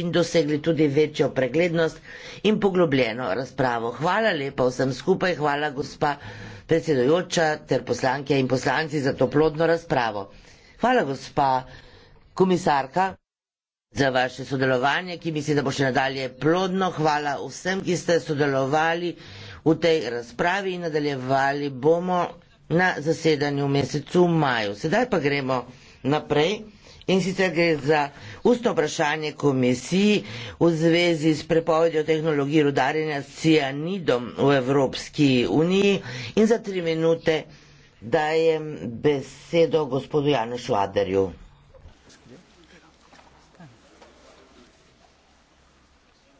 in dosegli tudi večjo preglednost in poglobljeno razpravo. Hvala lepa vsem skupaj, hvala gospa predsedojoča ter poslanke in poslanci za to plodno razpravo. Hvala gospa komisarka za vaše sodelovanje, ki mislim, da bo še nadalje plodno. Hvala vsem, ki ste sodelovali v tej razpravi in nadaljevali bomo na zasedanju v mesecu maju. Sedaj pa gremo naprej in sicer gre za ustno vprašanje komisiji v zvezi s prepovedjo tehnologij rudarjenja s cianidom v Evropski uniji in za tri minute dajem besedo gospodu Janu Švaderju.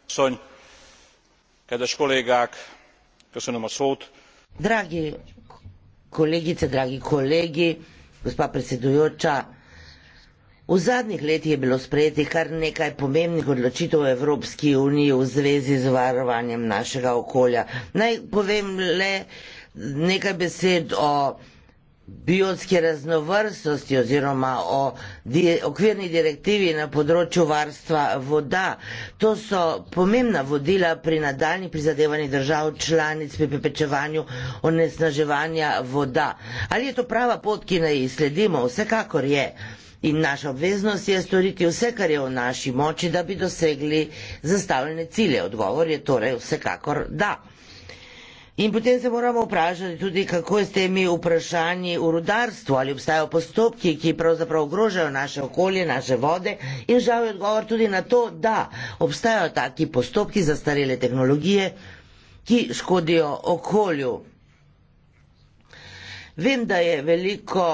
Sonj, kada školegak, kada se nama sod. Dragi kolegice, dragi kolegi, gospa predsedujoča, V zadnjih letih je bilo sprejeti kar nekaj pomembnih odločitev Evropski uniji v zvezi z varovanjem našega okolja. Naj povem le nekaj besed o biotski raznovrstnosti oziroma o di okvirni direktivi na področju varstva voda. To so pomembna vodila pri nadaljni prizadevanji držav članic pri pripečevanju onesnaževanja voda. Ali je to prava pot, ki naj sledimo? Vsekakor je. In naša obveznost je storiti vse, kar je v naši moči, da bi dosegli zastavljene cilje. Odgovor je torej vsekakor da. In potem se moramo vprašati tudi, kako je s temi vprašanji v rudarstvu, ali obstajajo postopki, ki pravzaprav ogrožajo naše okolje, naše vode. In žal je odgovor tudi na to, da obstajajo taki postopki za starele tehnologije, ki škodijo okolju. Vem, da je veliko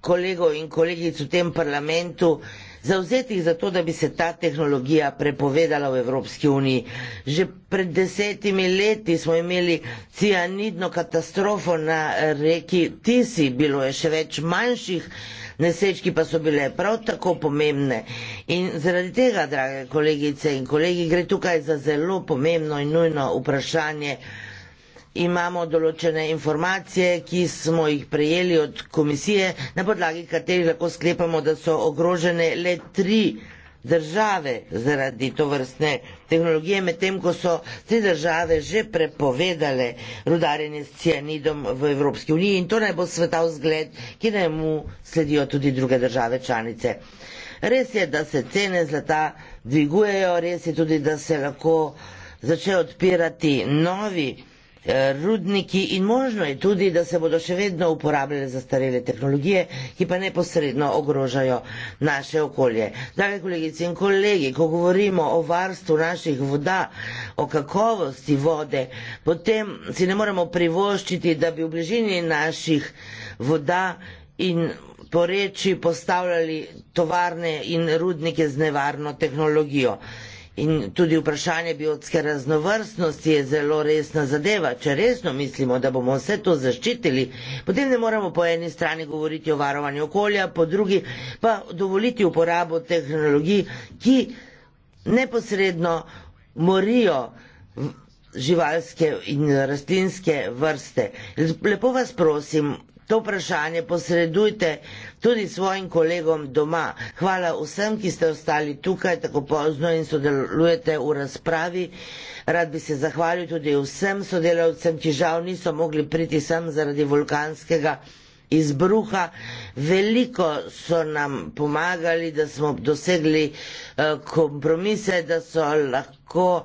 kolegov in kolegic v tem parlamentu zauzetih za to, da bi se ta tehnologija prepovedala v Evropski uniji. Že pred desetimi leti smo imeli cianidno katastrofo na eh, reki Tisi, bilo je še več manjših nesreč, ki pa so bile prav tako pomembne. In zaradi tega, drage kolegice in kolegi, gre tukaj za zelo pomembno in nujno vprašanje, imamo določene informacije, ki smo jih prejeli od komisije, na podlagi katerih lahko sklepamo, da so ogrožene le tri države zaradi to vrstne tehnologije, medtem ko so te države že prepovedale rudarjenje s cianidom v Evropski uniji in to naj bo svetov zgled, ki naj mu sledijo tudi druge države članice. Res je, da se cene zlata dvigujejo, res je tudi, da se lahko začne odpirati novi rudniki in možno je tudi, da se bodo še vedno uporabljale zastarele tehnologije, ki pa neposredno ogrožajo naše okolje. Drage kolegice in kolegi, ko govorimo o varstvu naših voda, o kakovosti vode, potem si ne moremo privoščiti, da bi v bližini naših voda in po reči postavljali tovarne in rudnike z nevarno tehnologijo. In tudi vprašanje biotske raznovrstnosti je zelo resna zadeva. Če resno mislimo, da bomo vse to zaščitili, potem ne moramo po eni strani govoriti o varovanju okolja, po drugi pa dovoliti uporabo tehnologij, ki neposredno morijo živalske in rastlinske vrste. Lepo vas prosim, To vprašanje posredujte tudi svojim kolegom doma. Hvala vsem, ki ste ostali tukaj tako pozno in sodelujete v razpravi. Rad bi se zahvalil tudi vsem sodelavcem, ki žal niso mogli priti sem zaradi vulkanskega izbruha. Veliko so nam pomagali, da smo dosegli eh, kompromise, da so lahko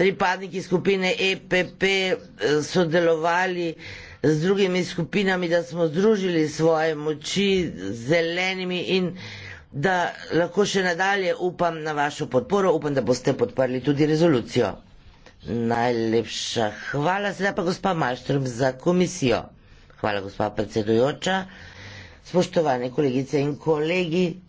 pripadniki skupine EPP eh, sodelovali z drugimi skupinami, da smo združili svoje moči z zelenimi in da lahko še nadalje upam na vašo podporo. Upam, da boste podprli tudi rezolucijo. Najlepša hvala, sedaj pa gospa Maštrum za komisijo. Hvala, gospa predsedujoča. Spoštovane kolegice in kolegi,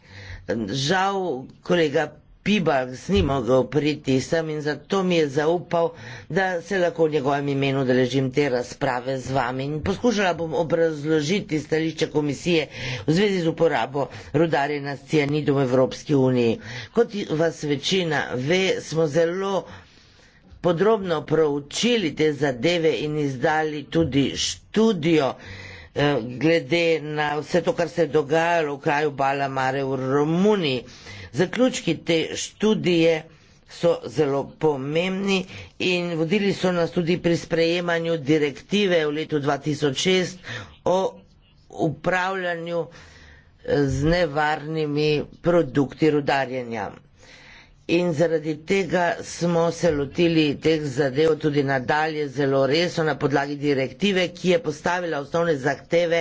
žal kolega Pibars ni mogel priti sem in zato mi je zaupal, da se lahko v njegovem imenu deležim te razprave z vami. In poskušala bom obrazložiti stališče komisije v zvezi z uporabo rudarjena s cianidom v Evropski uniji. Kot vas večina ve, smo zelo podrobno proučili te zadeve in izdali tudi študijo eh, glede na vse to, kar se je dogajalo v kraju Balamare v Romuniji. Zaključki te študije so zelo pomembni in vodili so nas tudi pri sprejemanju direktive v letu 2006 o upravljanju z nevarnimi produkti rudarjenja. In zaradi tega smo se lotili teh zadev tudi nadalje zelo resno na podlagi direktive, ki je postavila osnovne zahteve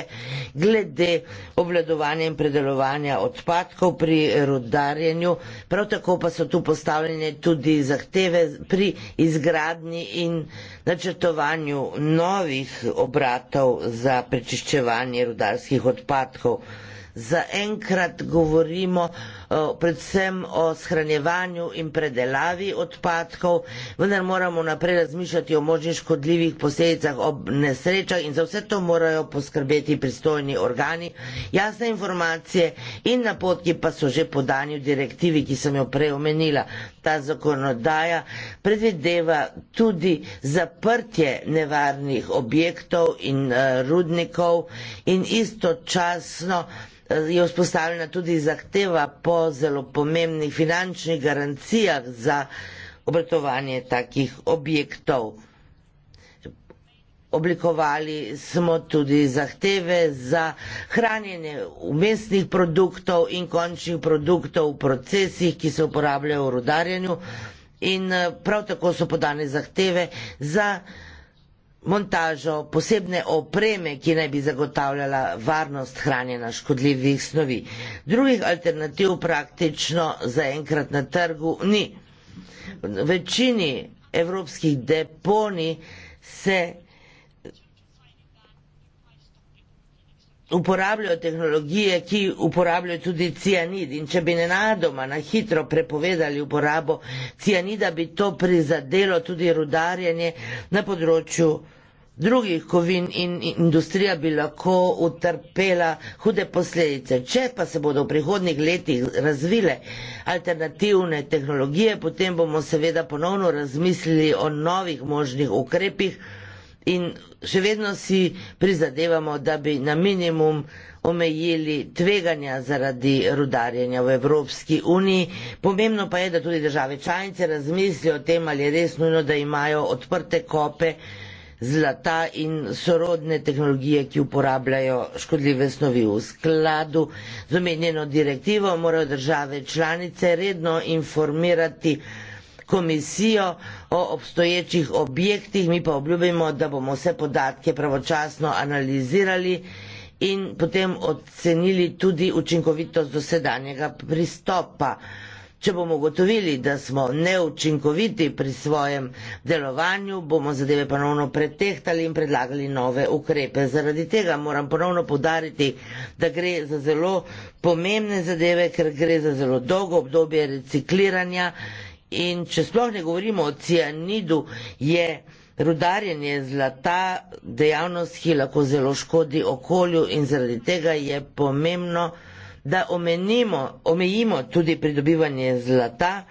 glede obvladovanja in predelovanja odpadkov pri rudarjenju. Prav tako pa so tu postavljene tudi zahteve pri izgradnji in načrtovanju novih obratov za prečiščevanje rudarskih odpadkov. Za enkrat govorimo Eh, predvsem o shranjevanju in predelavi odpadkov, vendar moramo naprej razmišljati o možnih škodljivih posledicah ob nesrečah in za vse to morajo poskrbeti pristojni organi. Jasne informacije in napotki pa so že podani v direktivi, ki sem jo preomenila. Ta zakonodaja predvideva tudi zaprtje nevarnih objektov in eh, rudnikov in istočasno eh, je vzpostavljena tudi zahteva po zelo pomembnih finančnih garancijah za obratovanje takih objektov. Oblikovali smo tudi zahteve za hranjenje umestnih produktov in končnih produktov v procesih, ki se uporabljajo v rudarjenju in eh, prav tako so podane zahteve za montažo posebne opreme, ki naj bi zagotavljala varnost hranjena škodljivih snovi. Drugih alternativ praktično zaenkrat na trgu ni. V večini evropskih deponi se uporabljajo tehnologije, ki uporabljajo tudi cianid in če bi nenadoma na hitro prepovedali uporabo cianida, bi to prizadelo tudi rudarjenje na področju drugih kovin in industrija bi lahko utrpela hude posledice. Če pa se bodo v prihodnih letih razvile alternativne tehnologije, potem bomo seveda ponovno razmislili o novih možnih ukrepih in še vedno si prizadevamo, da bi na minimum omejili tveganja zaradi rudarjenja v Evropski uniji. Pomembno pa je, da tudi države članice razmislijo o tem, ali je res nujno, da imajo odprte kope zlata in sorodne tehnologije, ki uporabljajo škodljive snovi. V skladu z omenjeno direktivo morajo države članice redno informirati komisijo o obstoječih objektih, mi pa obljubimo, da bomo vse podatke pravočasno analizirali in potem ocenili tudi učinkovitost dosedanjega pristopa. Če bomo ugotovili, da smo neučinkoviti pri svojem delovanju, bomo zadeve ponovno pretehtali in predlagali nove ukrepe. Zaradi tega moram ponovno podariti, da gre za zelo pomembne zadeve, ker gre za zelo dolgo obdobje recikliranja in če sploh ne govorimo o cianidu, je rudarjenje zlata dejavnost, ki lahko zelo škodi okolju in zaradi tega je pomembno, da omenimo, omejimo tudi pridobivanje zlata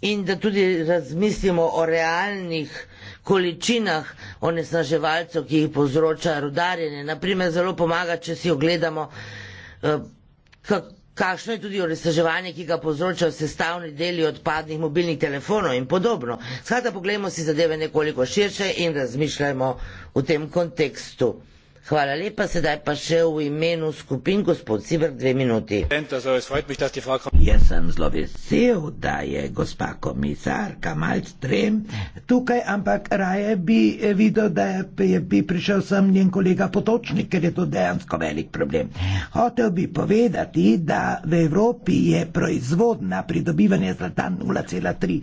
in da tudi razmislimo o realnih količinah onesnaževalcev, ki jih povzroča rudarjenje. Naprimer, zelo pomaga, če si ogledamo, eh, kakšno je tudi onesnaževanje, ki ga povzročajo sestavni deli odpadnih mobilnih telefonov in podobno. Skratka, poglejmo si zadeve nekoliko širše in razmišljajmo v tem kontekstu. Hvala lepa, sedaj pa še v imenu skupin gospod Sibr dve minuti. Jaz sem zelo vesel, da je gospa komisarka Malstrem tukaj, ampak raje bi videl, da je bi prišel sem njen kolega Potočnik, ker je to dejansko velik problem. Hotev bi povedati, da v Evropi je proizvodna pridobivanja zlata 0,3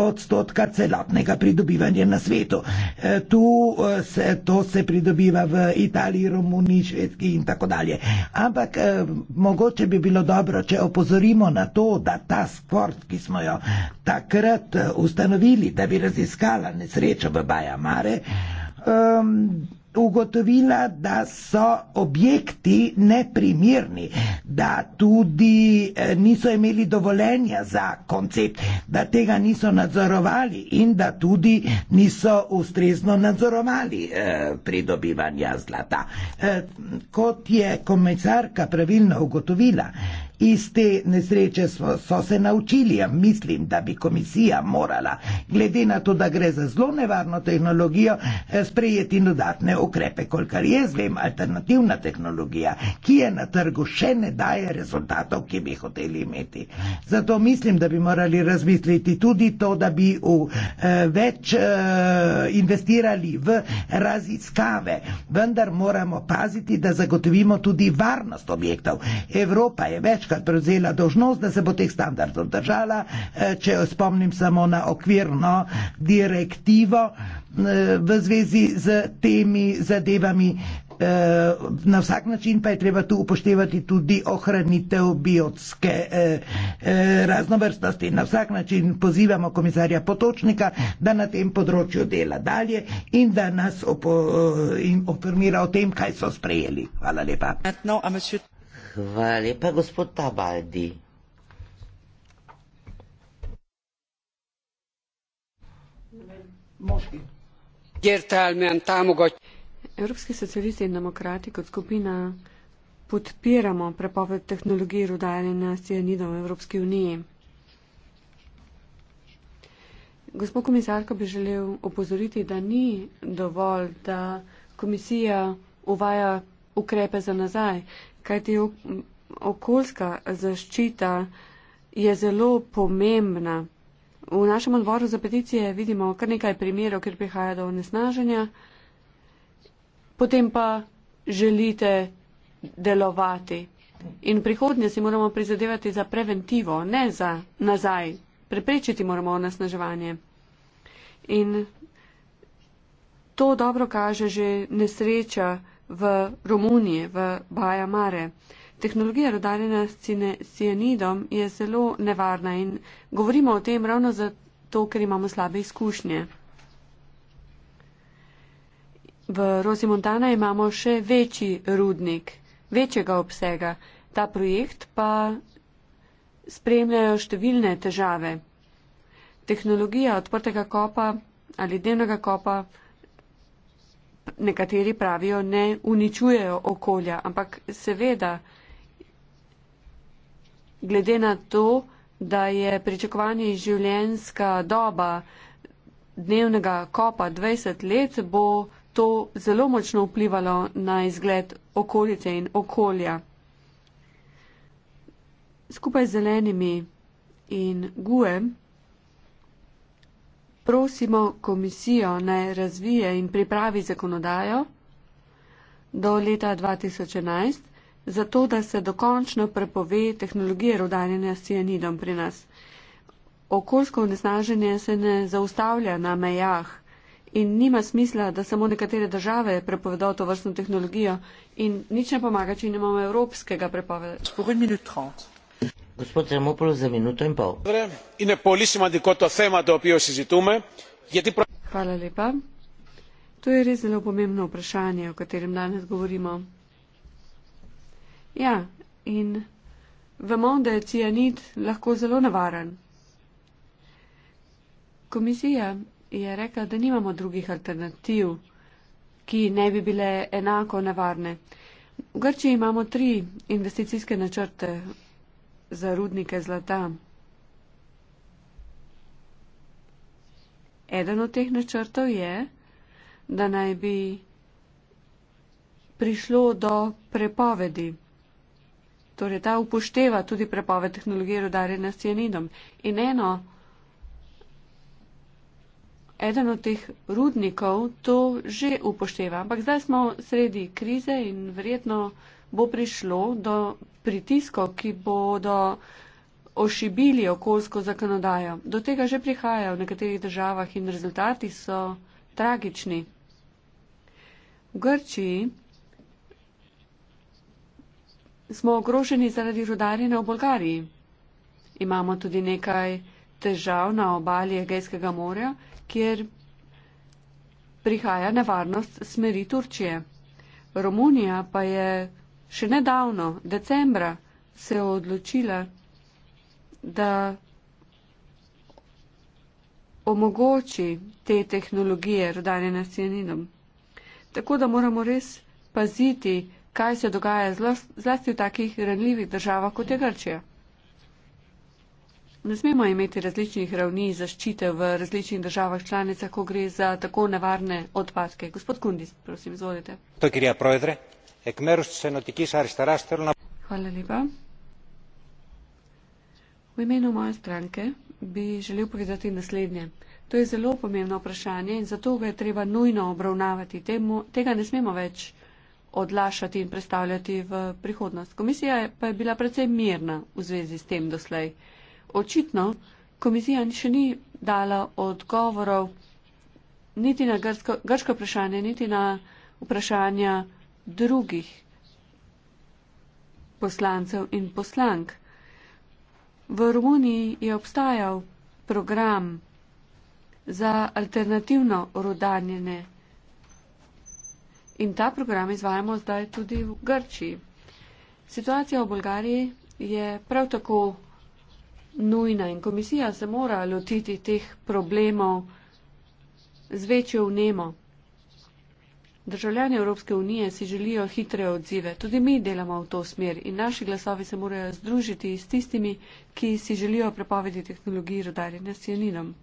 odstotka celotnega pridobivanja na svetu. E, tu e, se, to se pridobiva v Italiji ali Romuni, Švedski in tako dalje. Ampak eh, mogoče bi bilo dobro, če opozorimo na to, da ta skvort, ki smo jo takrat eh, ustanovili, da bi raziskala nesrečo v Bajamare, eh, ugotovila, da so objekti neprimirni, da tudi eh, niso imeli dovoljenja za koncept, da tega niso nadzorovali in da tudi niso ustrezno nadzorovali eh, pridobivanja zlata. Eh, kot je komisarka pravilno ugotovila, Iz te nesreče so, so se naučili, mislim, da bi komisija morala, glede na to, da gre za zelo nevarno tehnologijo, eh, sprejeti dodatne ukrepe, kolikar jaz vem, alternativna tehnologija, ki je na trgu še ne daje rezultatov, ki bi hoteli imeti. Zato mislim, da bi morali razmisliti tudi to, da bi v, eh, več eh, investirali v raziskave, vendar moramo paziti, da zagotovimo tudi varnost objektov. Evropa je več večkrat prevzela dožnost, da se bo teh standardov držala. Eh, če jo spomnim samo na okvirno direktivo eh, v zvezi z temi zadevami. Eh, na vsak način pa je treba tu upoštevati tudi ohranitev biotske raznovrstnosti. Na vsak način pozivamo komisarja Potočnika, da na tem področju dela dalje in da nas opo, informira o tem, kaj so sprejeli. Hvala lepa. No, Hvala lepa, gospod Tabaldi. Evropski socialisti in demokrati kot skupina podpiramo prepoved tehnologije rudajanja cianidov v Evropski uniji. Gospod komisarko bi želel opozoriti, da ni dovolj, da komisija uvaja ukrepe za nazaj, kajti okoljska zaščita je zelo pomembna. V našem odboru za peticije vidimo kar nekaj primerov, kjer prihaja do onesnaženja, potem pa želite delovati. In prihodnje si moramo prizadevati za preventivo, ne za nazaj. Preprečiti moramo onesnaževanje. In to dobro kaže že nesreča, v Romuniji, v Baja Mare. Tehnologija rodarjena s cianidom je zelo nevarna in govorimo o tem ravno zato, ker imamo slabe izkušnje. V Rosi Montana imamo še večji rudnik, večjega obsega. Ta projekt pa spremljajo številne težave. Tehnologija odprtega kopa ali dnevnega kopa nekateri pravijo, ne uničujejo okolja, ampak seveda, glede na to, da je pričakovanje življenjska doba dnevnega kopa 20 let, bo to zelo močno vplivalo na izgled okolice in okolja. Skupaj z zelenimi in gujem, prosimo komisijo naj razvije in pripravi zakonodajo do leta 2011, zato da se dokončno prepove tehnologije rodanja s cianidom pri nas. Okoljsko onesnaženje se ne zaustavlja na mejah in nima smisla, da samo nekatere države prepovedo to vrstno tehnologijo in nič ne pomaga, če nimamo evropskega prepovedi. Gospod Zemopolo, za minuto in pol. Είναι πολύ σημαντικό το θέμα το οποίο συζητούμε. Γιατί... Hvala lepa. To je res zelo pomembno vprašanje, o katerem danes govorimo. Ja, in vemo, da je cianid lahko zelo nevaren. Komisija je rekla, da nimamo drugih alternativ, ki ne bi bile enako nevarne. V Grčiji imamo tri investicijske načrte za rudnike zlata. Eden od teh načrtov je, da naj bi prišlo do prepovedi. Torej, ta upošteva tudi prepoved tehnologije rodarjenja s cianidom. In eno, eden od teh rudnikov to že upošteva. Ampak zdaj smo sredi krize in verjetno bo prišlo do pritiskov, ki bodo ošibili okoljsko zakonodajo. Do tega že prihaja v nekaterih državah in rezultati so tragični. V Grčiji smo ogroženi zaradi rudarjenja v Bolgariji. Imamo tudi nekaj težav na obali Egejskega morja, kjer prihaja nevarnost smeri Turčije. Romunija pa je še nedavno, decembra, se je odločila, da omogoči te tehnologije rodanje na cianidom. Tako da moramo res paziti, kaj se dogaja zlasti v takih ranljivih državah kot je Grčija. Ne smemo imeti različnih ravni zaščite v različnih državah članicah, ko gre za tako nevarne odpadke. Gospod Kundis, prosim, izvolite. To je kirja proedre. V imenu moje stranke bi želel povedati naslednje. To je zelo pomembno vprašanje in zato ga je treba nujno obravnavati. Temu, tega ne smemo več odlašati in predstavljati v prihodnost. Komisija pa je bila predvsem mirna v zvezi s tem doslej. Očitno komisija še ni dala odgovorov niti na grško, grško vprašanje, niti na vprašanja drugih poslancev in poslank. V Romuniji je obstajal program za alternativno rodanjene in ta program izvajamo zdaj tudi v Grčiji. Situacija v Bolgariji je prav tako nujna in komisija se mora lotiti teh problemov z večjo vnemo. Državljani Evropske unije si želijo hitre odzive. Tudi mi delamo v to smer in naši glasovi se morajo združiti s tistimi, ki si želijo prepovedi tehnologiji rodarjenja s cianinom.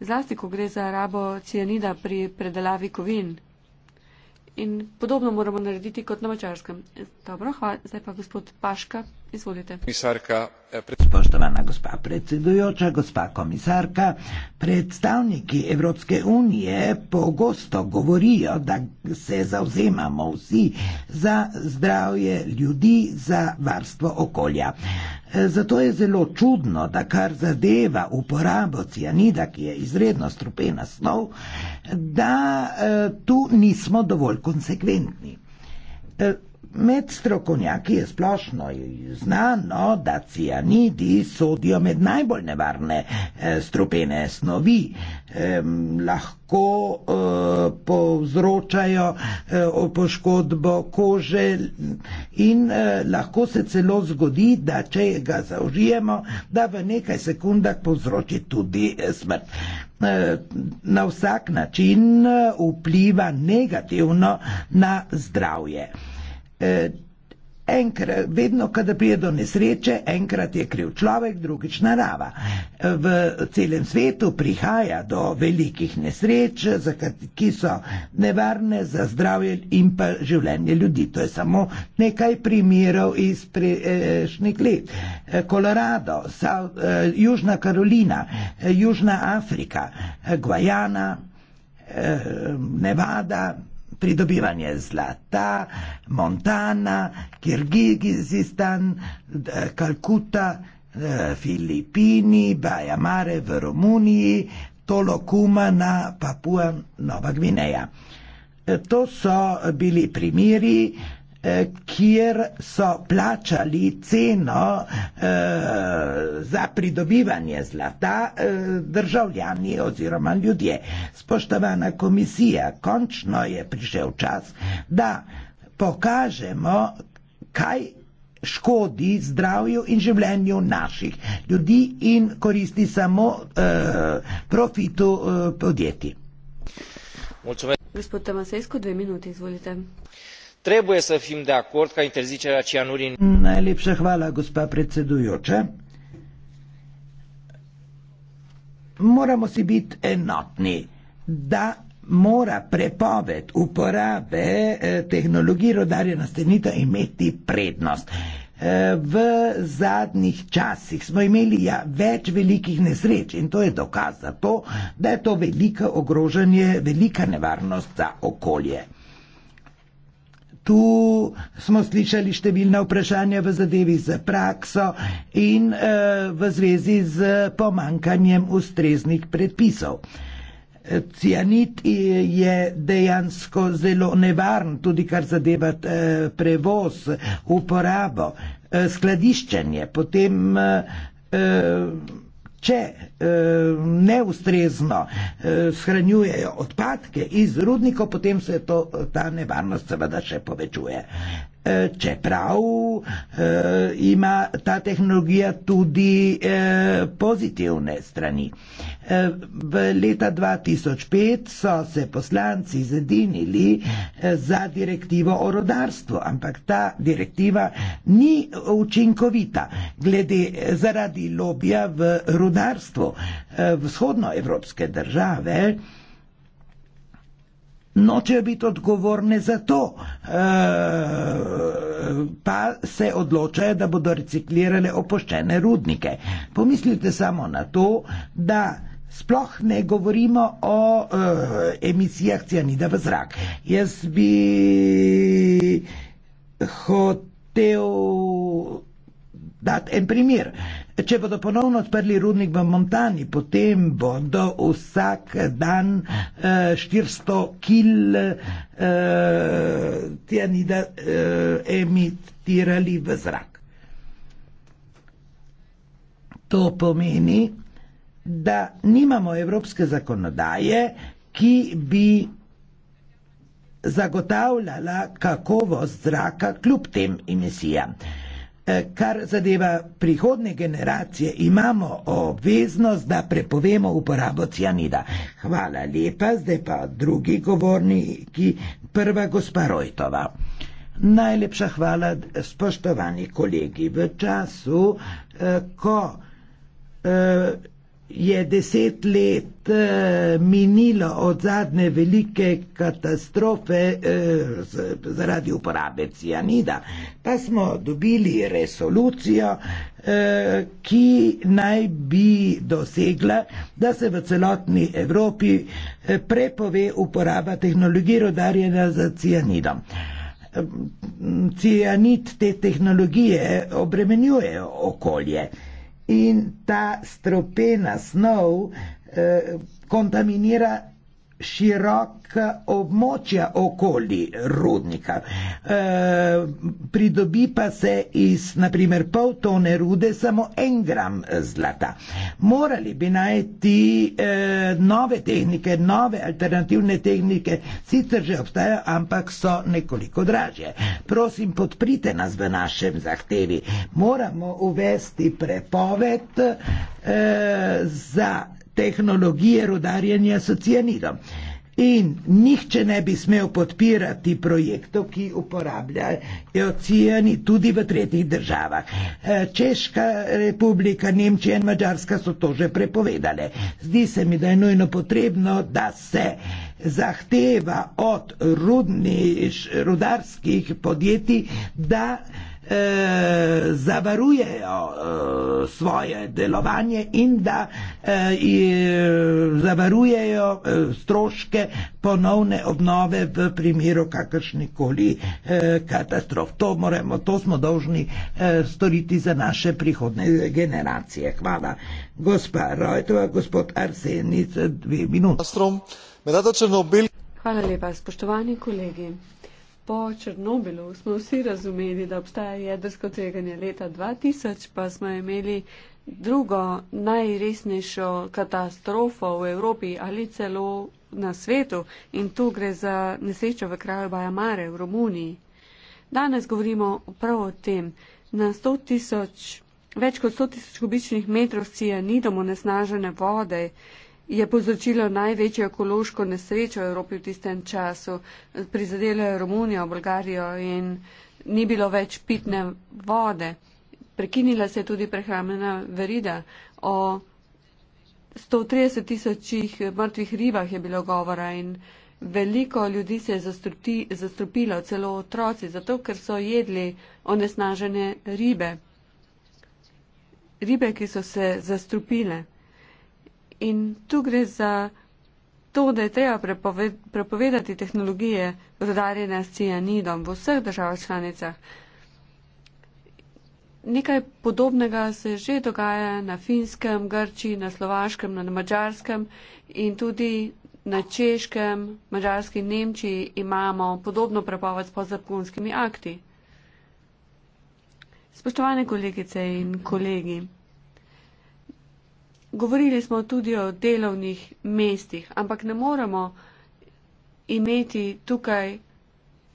Zlasti, ko gre za rabo cianida pri predelavi kovin. In podobno moramo narediti kot na Mačarskem. Dobro, hvala. Zdaj pa gospod Paška. Eh, Spoštovana gospa predsedujoča, gospa komisarka, predstavniki Evropske unije pogosto govorijo, da se zauzemamo vsi za zdravje ljudi, za varstvo okolja. Eh, zato je zelo čudno, da kar zadeva uporabo cianida, ki je izredno strupena snov, da eh, tu nismo dovolj konsekventni. Med strokovnjaki je splošno znano, da cianidi sodijo med najbolj nevarne eh, strupene snovi. Lahko eh, povzročajo eh, poškodbo kože in lahko se celo zgodi, da če ga zaužijemo, da v nekaj sekundah povzroči tudi smrt. Na vsak način vpliva negativno na zdravje eh, enkrat, vedno, kada prije do nesreče, enkrat je kriv človek, drugič narava. V celem svetu prihaja do velikih nesreč, ki so nevarne za zdravje in pa življenje ljudi. To je samo nekaj primerov iz prejšnjih let. Eh, Kolorado, eh, Južna Karolina, eh, Južna Afrika, Gvajana, Nevada, pridobivanje zlata, Montana, Kirgizistan, Kalkuta, Filipini, Bajamare v Romuniji, Tolokuma na Papua Nova Gvineja. E, to so bili primiri, Eh, kjer so plačali ceno eh, za pridobivanje zlata eh, državljani oziroma ljudje. Spoštovana komisija, končno je prišel čas, da pokažemo, kaj škodi zdravju in življenju naših ljudi in koristi samo profitu podjetij. Gospod Tamasejsko, dve minuti, izvolite trebuie să fim de acord ca interzicerea cianurii. Najlepša hvala, gospa predsedujoča. Moramo si biti enotni, da mora prepoved uporabe eh, tehnologij rodarjena stenita imeti prednost. Eh, v zadnjih časih smo imeli ja, več velikih nesreč in to je dokaz za to, da je to velika ogrožanje, velika nevarnost za okolje. Tu smo slišali številna vprašanja v zadevi z prakso in eh, v zvezi z pomankanjem ustreznih predpisov. Cianit je dejansko zelo nevaren, tudi kar zadeva eh, prevoz, uporabo, eh, skladiščenje, potem Če eh, neustrezno eh, shranjujejo odpadke iz rudnikov, potem se to, eh, ta nevarnost seveda še povečuje. Eh, čeprav eh, ima ta tehnologija tudi eh, pozitivne strani. V leta 2005 so se poslanci zedinili za direktivo o rodarstvu, ampak ta direktiva ni učinkovita glede zaradi lobija v rodarstvu. Vzhodnoevropske države nočejo biti odgovorne za to, e, pa se odločajo, da bodo reciklirale opoščene rudnike. Pomislite samo na to, da sploh ne govorimo o e, emisijah cianida v zrak. Jaz bi hotel dati en primer. E, Če bodo ponovno odprli rudnik v Montani, potem bodo vsak dan eh, 400 kil eh, tianida eh, emitirali v zrak. To pomeni, da nimamo evropske zakonodaje, ki bi zagotavljala kakovost zraka kljub tem emisijam. Eh, kar zadeva prihodne generacije, imamo obveznost, da prepovemo uporabo cianida. Hvala lepa, zdaj pa drugi govorniki, prva gospa Rojtova. Najlepša hvala, spoštovani kolegi, v času, eh, ko eh, je deset let eh, minilo od zadnje velike katastrofe eh, zaradi uporabe cianida, pa smo dobili resolucijo, eh, ki naj bi dosegla, da se v celotni Evropi prepove uporaba tehnologij rodarjena za cianidom. Cianid te tehnologije obremenjuje okolje in ta stropena snov eh, kontaminira široka območja okoli rudnika. E, pridobi pa se iz naprimer pol tone rude samo en gram zlata. Morali bi najti e, nove tehnike, nove alternativne tehnike, sicer že obstajajo, ampak so nekoliko dražje. Prosim, podprite nas v našem zahtevi. Moramo uvesti prepoved e, za tehnologije rudarjenja s cianidom. In nihče ne bi smel podpirati projektov, ki uporabljajo cijani tudi v tretjih državah. E, Češka republika, Nemčija in Mačarska so to že prepovedale. Zdi se mi, da je nujno potrebno, da se zahteva od rudni, rudarskih podjetij, da eh, zavarujejo eh, svoje delovanje in da eh, zavarujejo eh, stroške ponovne obnove v primeru kakršnih koli eh, katastrof. To, moremo, to smo dolžni eh, storiti za naše prihodne generacije. Hvala. Gospa Rojtova, gospod Arsenic, dve minuti. Hvala lepa, spoštovani kolegi po Černobilu smo vsi razumeli, da obstaja jedrsko tveganje. Leta 2000 pa smo imeli drugo najresnejšo katastrofo v Evropi ali celo na svetu in tu gre za nesrečo v kraju Bajamare v Romuniji. Danes govorimo prav o tem. Na 100 tisoč, več kot 100 tisoč kubičnih metrov cija nidomo nesnažene vode je povzročilo največjo ekološko nesrečo v Evropi v tistem času. Prizadelo je Romunijo, Bolgarijo in ni bilo več pitne vode. Prekinila se je tudi prehramena verida. O 130 tisočih mrtvih ribah je bilo govora in veliko ljudi se je zastrupilo, celo otroci, zato ker so jedli onesnažene ribe. Ribe, ki so se zastrupile in tu gre za to, da je treba prepovedati tehnologije rudarjenja s cianidom v vseh državah članicah. Nekaj podobnega se že dogaja na finskem, Grčiji, na slovaškem, na mačarskem in tudi na češkem, mačarski in nemčiji imamo podobno prepoved s podzakonskimi akti. Spoštovane kolegice in kolegi. Govorili smo tudi o delovnih mestih, ampak ne moremo imeti tukaj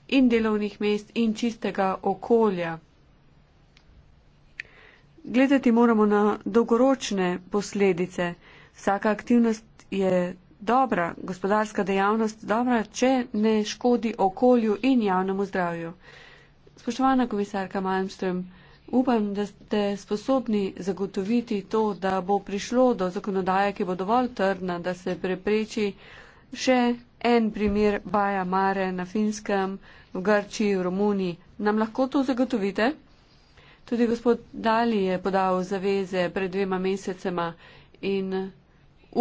in delovnih mest in čistega okolja. Gledati moramo na dolgoročne posledice. Vsaka aktivnost je dobra, gospodarska dejavnost dobra, če ne škodi okolju in javnemu zdravju. Spoštovana komisarka Malmström, Upam, da ste sposobni zagotoviti to, da bo prišlo do zakonodaje, ki bo dovolj trdna, da se prepreči še en primer Baja Mare na Finskem, v Grčiji, v Romuniji. Nam lahko to zagotovite? Tudi gospod Dali je podal zaveze pred dvema mesecema in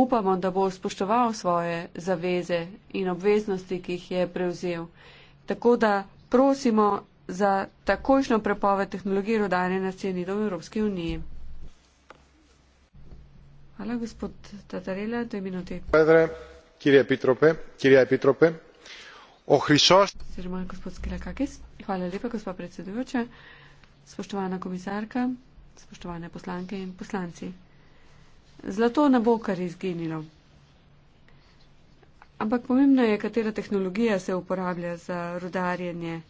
upamo, da bo spoštoval svoje zaveze in obveznosti, ki jih je prevzel. Tako da prosimo za takošno prepoved tehnologije rodanja na ceni do Evropske unije. Hvala, gospod Tatarela, dve minuti. Predre, kirje Pitrope, kirje Pitrope. O hrišoš. Hvala lepa, gospod predsedujoča. Spoštovana komisarka, spoštovane poslanke in poslanci. Zlato ne bo kar izginilo. Ampak pomembno je, katera tehnologija se uporablja za rodarjenje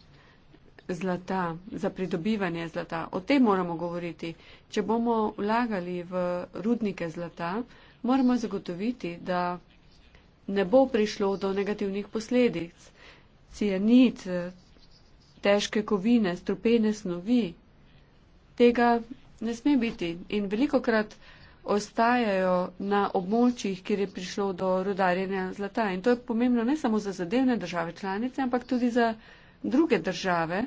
zlata, za pridobivanje zlata. O tem moramo govoriti. Če bomo vlagali v rudnike zlata, moramo zagotoviti, da ne bo prišlo do negativnih posledic. Cijanit, težke kovine, strupene snovi, tega ne sme biti. In veliko krat ostajajo na območjih, kjer je prišlo do rodarjenja zlata. In to je pomembno ne samo za zadevne države članice, ampak tudi za druge države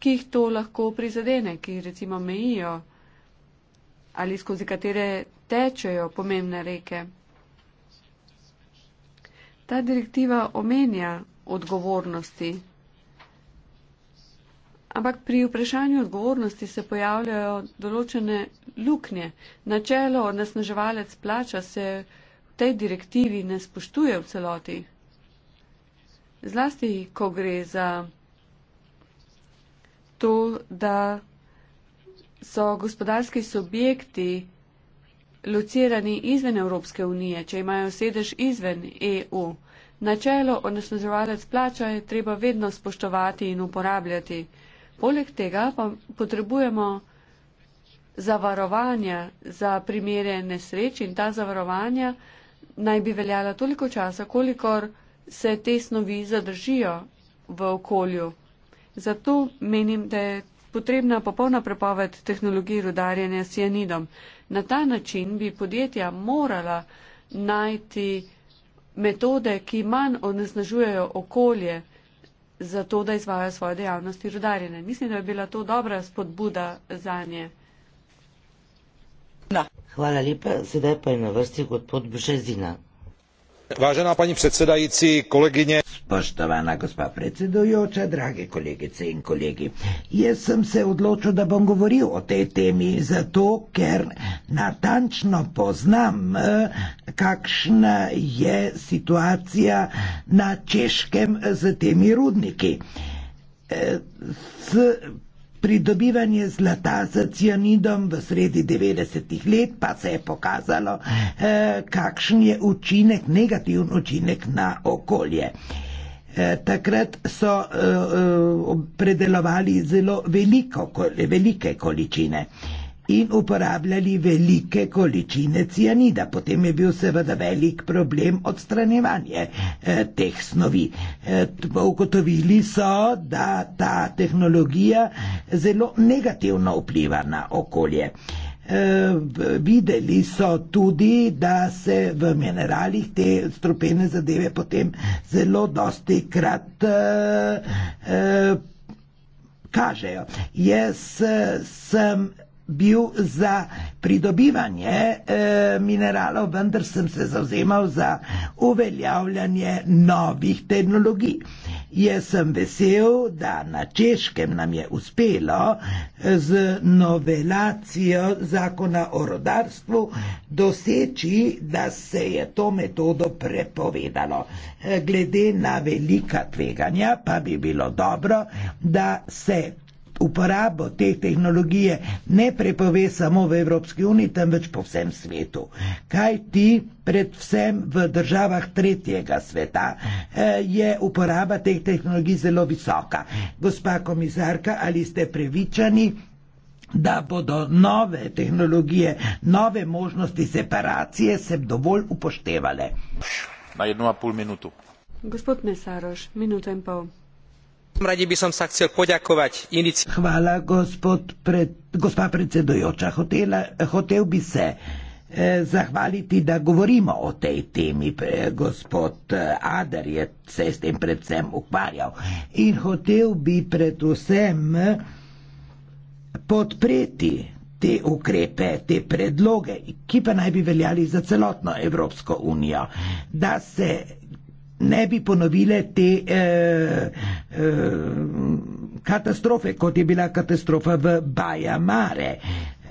ki jih to lahko prizadene, ki jih recimo mejijo ali skozi katere tečejo pomembne reke. Ta direktiva omenja odgovornosti. Ampak pri vprašanju odgovornosti se pojavljajo določene luknje. Načelo nasnaževalec plača se v tej direktivi ne spoštuje v celoti. Zlasti, ko gre za to, da so gospodarski subjekti locirani izven Evropske unije, če imajo sedež izven EU. Načelo onesnaževalec plača je treba vedno spoštovati in uporabljati. Poleg tega pa potrebujemo zavarovanja za primere nesreč in ta zavarovanja naj bi veljala toliko časa, kolikor se te snovi zadržijo v okolju. Zato menim, da je potrebna popolna prepoved tehnologij rudarjenja s cianidom. Na ta način bi podjetja morala najti metode, ki manj onesnažujejo okolje, zato da izvajo svoje dejavnosti rudarjenja. Mislim, da je bila to dobra spodbuda za nje. Na. Hvala lepa, sedaj pa je na vrsti gospod Bržezina. Vážená pani predsedajúci, kolegyne... Spoštovana gospa predsedujoča, drage kolegice in kolegi. Jaz sem se odločil, da bom govoril o tej temi, zato ker natančno poznam, eh, kakšna je situacija na češkem z temi rudniki. Eh, s pridobivanje zlata za cianidom v sredi 90-ih let pa se je pokazalo, eh, kakšen je učinek, negativen učinek na okolje. Eh, takrat so eh, predelovali zelo veliko, velike količine in uporabljali velike količine cianida. Potem je bil seveda velik problem odstranjevanje eh, teh snovi. Eh, ugotovili so, da ta tehnologija zelo negativno vpliva na okolje. Eh, videli so tudi, da se v mineralih te strupene zadeve potem zelo dosti krat uh, eh, uh, eh, kažejo. Jaz sem. Uh, bil za pridobivanje e, mineralov, vendar sem se zauzemal za uveljavljanje novih tehnologij. Jaz sem vesel, da na češkem nam je uspelo eh, z novelacijo zakona o rodarstvu doseči, da se je to metodo prepovedalo. Eh, glede na velika tveganja pa bi bilo dobro, da se uporabo te tehnologije ne prepove samo v Evropski uniji, temveč po vsem svetu. Kaj ti predvsem v državah tretjega sveta eh, je uporaba teh tehnologij zelo visoka. Gospa komisarka, ali ste previčani? da bodo nove tehnologije, nove možnosti separacije se dovolj upoštevale. Na eno pol minuto. Gospod Mesaroš, minuto in pol rade by som sa chcel poďakovať inici... Chvála, gospod, pred, gospa predsedujúča, hotel, hotel by sa eh, zahvaliti da govorimo o tej temi. Eh, gospod eh, Adar je se s tem predvsem ukvarjal in hotel bi predvsem podpreti te ukrepe, te predloge, ki pa naj bi veljali za celotno Evropsko unijo, da se ne bi ponovile te eh, eh, katastrofe, kot je bila katastrofa v Bajamare.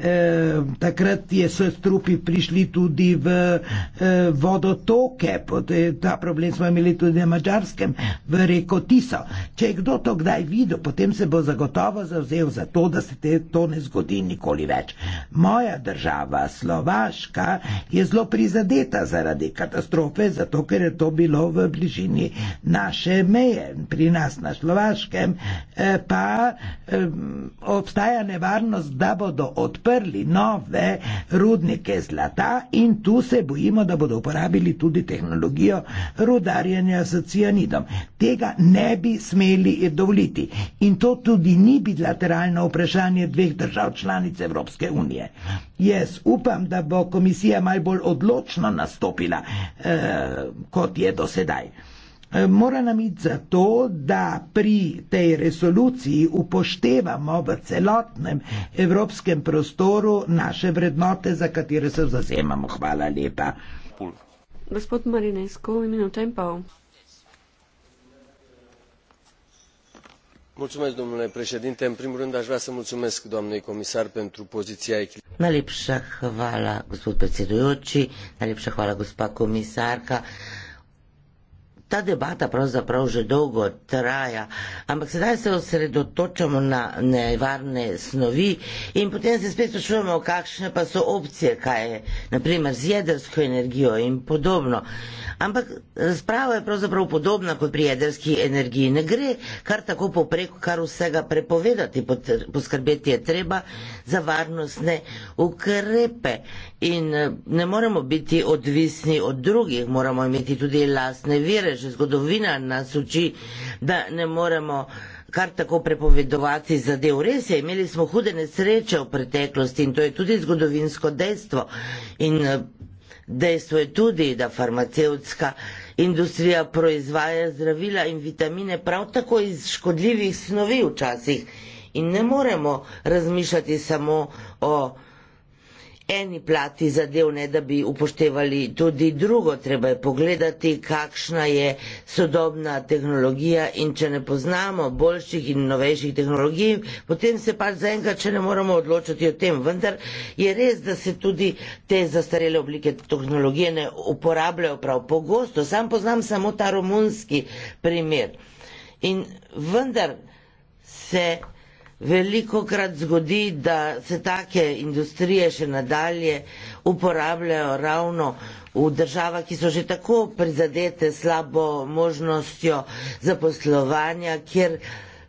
Ehm, takrat je so strupi prišli tudi v eh, vodotoke, eh, ta problem smo imeli tudi na mačarskem, v reko Tiso. Če je kdo to kdaj videl, potem se bo zagotovo zauzel za to, da se te, to ne zgodi nikoli več. Moja država, Slovaška, je zelo prizadeta zaradi katastrofe, zato ker je to bilo v bližini naše meje. Pri nas na Slovaškem eh, pa obstaja nevarnost, da bodo odprli odprli nove rudnike zlata in tu se bojimo, da bodo uporabili tudi tehnologijo rudarjenja z cianidom. Tega ne bi smeli dovoliti in to tudi ni bilateralno vprašanje dveh držav članic Evropske unije. Jaz upam, da bo komisija malo bolj odločno nastopila eh, kot je do sedaj. Eh, mora nam iti za to, da pri tej resoluciji upoštevamo v celotnem evropskem prostoru naše vrednote, za katere se zazemamo. Hvala lepa. Gospod Marinesko, minuta in pol. Mulțumesc, domnule președinte. În primul rând, aș vrea să mulțumesc doamnei comisar pentru poziția echilibrată. Najlepša hvala, gospod predsedujoči, najlepša hvala, gospa komisarka ta debata pravzaprav že dolgo traja, ampak sedaj se osredotočamo na nevarne snovi in potem se spet sprašujemo, kakšne pa so opcije, kaj je, naprimer, z jedrsko energijo in podobno. Ampak razprava je pravzaprav podobna kot pri jedrski energiji. Ne gre kar tako popreko, kar vsega prepovedati, poskrbeti je treba za varnostne ukrepe. In eh, ne moremo biti odvisni od drugih, moramo imeti tudi lastne vire že zgodovina nas uči, da ne moremo kar tako prepovedovati zadev. Res je, imeli smo hude nesreče v preteklosti in to je tudi zgodovinsko dejstvo. In eh, dejstvo je tudi, da farmacevtska industrija proizvaja zdravila in vitamine prav tako iz škodljivih snovi včasih. In ne moremo razmišljati samo o eni plati zadev, ne da bi upoštevali tudi drugo. Treba je pogledati, kakšna je sodobna tehnologija in če ne poznamo boljših in novejših tehnologij, potem se pač zaenkrat še ne moramo odločiti o tem. Vendar je res, da se tudi te zastarele oblike tehnologije ne uporabljajo prav pogosto. Sam poznam samo ta romunski primer. In vendar se veliko krat zgodi, da se take industrije še nadalje uporabljajo ravno v državah, ki so že tako prizadete slabo možnostjo zaposlovanja, kjer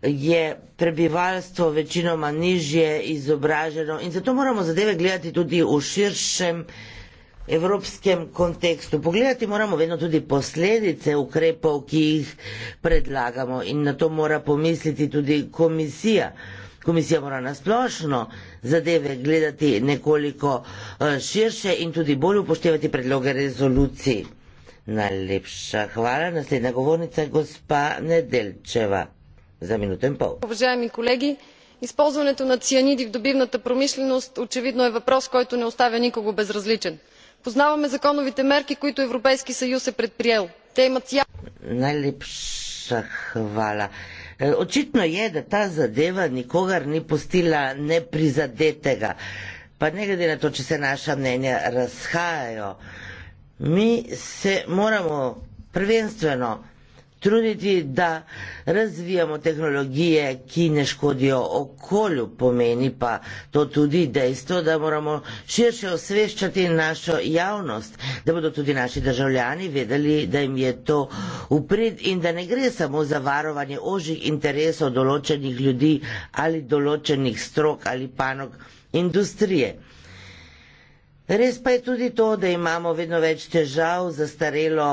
je prebivalstvo večinoma nižje izobraženo in zato moramo zadeve gledati tudi v širšem evropskem kontekstu. Pogledati moramo vedno tudi posledice ukrepov, ki jih predlagamo in na to mora pomisliti tudi komisija komisija mora nasplošno zadeve gledati nekoliko eh, širše in tudi bolj upoštevati predloge rezolucij. Najlepša hvala. Naslednja govornica je gospa Nedelčeva. Za minuto in pol. Уважаеми колеги, използването на цианиди в добивната промишленост очевидно е въпрос, който не оставя никого безразличен. Познаваме законовите мерки, които Европейски съюз е предприел. Те имат ясно. Най-лепша хвала. E, očitno je, da ta zadeva nikogar ni pustila neprizadetega. Pa ne glede na to, če se naša mnenja razhajajo, mi se moramo prvenstveno truditi da razvijamo tehnologije, ki ne škodijo okolju, pomeni pa to tudi dejstvo, da moramo širše osveščati našo javnost, da bodo tudi naši državljani vedeli, da jim je to upred in da ne gre samo za varovanje ožjih interesov določenih ljudi ali določenih strok ali panog industrije. Res pa je tudi to, da imamo vedno več težav za starelo